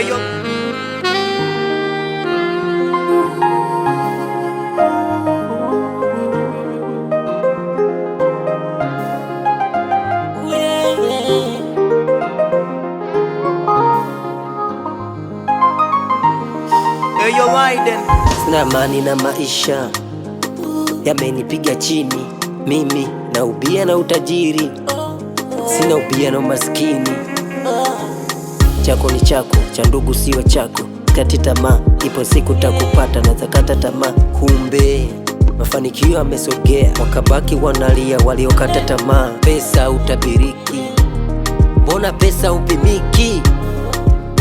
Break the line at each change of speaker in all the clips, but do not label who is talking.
ellos. Sina na maisha yamenipiga chini, mimi naubia na utajiri, sina ubia na umaskini chako ni chako, cha ndugu sio chako. Kati tamaa, ipo siku takupata, na zakata tamaa. Kumbe mafanikio yamesogea, wakabaki wanalia waliokata tamaa. Pesa utabiriki, mbona pesa upimiki?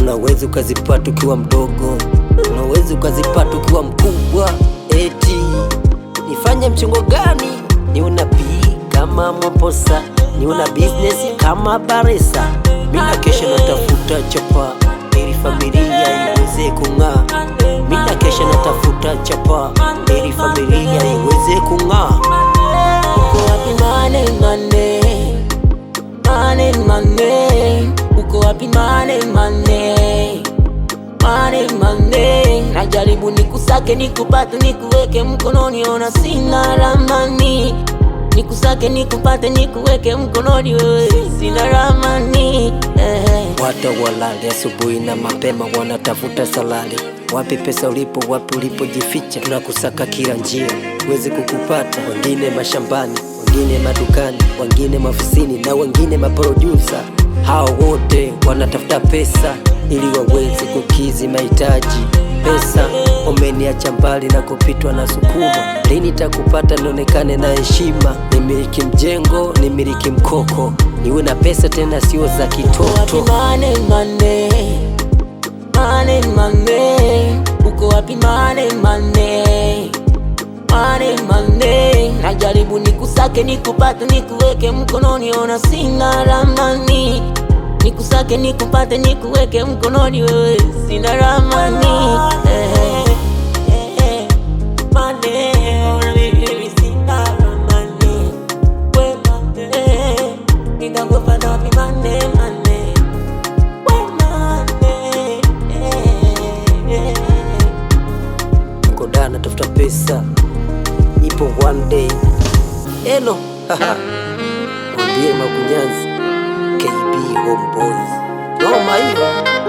Unaweza ukazipata ukiwa mdogo, unaweza ukazipata ukiwa mkubwa. Eti nifanye mchongo gani? Ni unabii kama Mwaposa, ni una business kama Baresa chapa ili familia iweze kung'aa. Mina kesha natafuta chapa ili familia iweze kung'aa.
Uko wapi mane mane mane mane? Uko wapi mane mane mane mane? Najaribu nikusake nikupate nikuweke mkononi, ona sina ramani. Nikusake nikupate nikuweke mkononi, wewe sina ramani
hata walali asubuhi na mapema wanatafuta salali Wapi pesa ulipo? Wapi ulipojificha? Tunakusaka kila njia, huwezi kukupata. Wengine mashambani, wengine madukani, wengine maofisini na wengine maprodusa. Hao wote wanatafuta pesa ili waweze kukizi mahitaji pesa, umeniacha mbali na kupitwa na sukuma. Lini takupata nionekane na heshima, nimiliki mjengo, nimiliki mkoko, niwe na pesa tena sio za kitoto.
Uko wapi mane mane mane mane? Najaribu nikusake nikupate, nikuweke mkononi, ona sina ramani nikusake, nikupate, nikuweke mkononi, wewe sina ramani eh, eh, eh,
kodana pesa ipo one day elo mm-hmm. mwambie Makunyanzi KB Homeboy. my aí.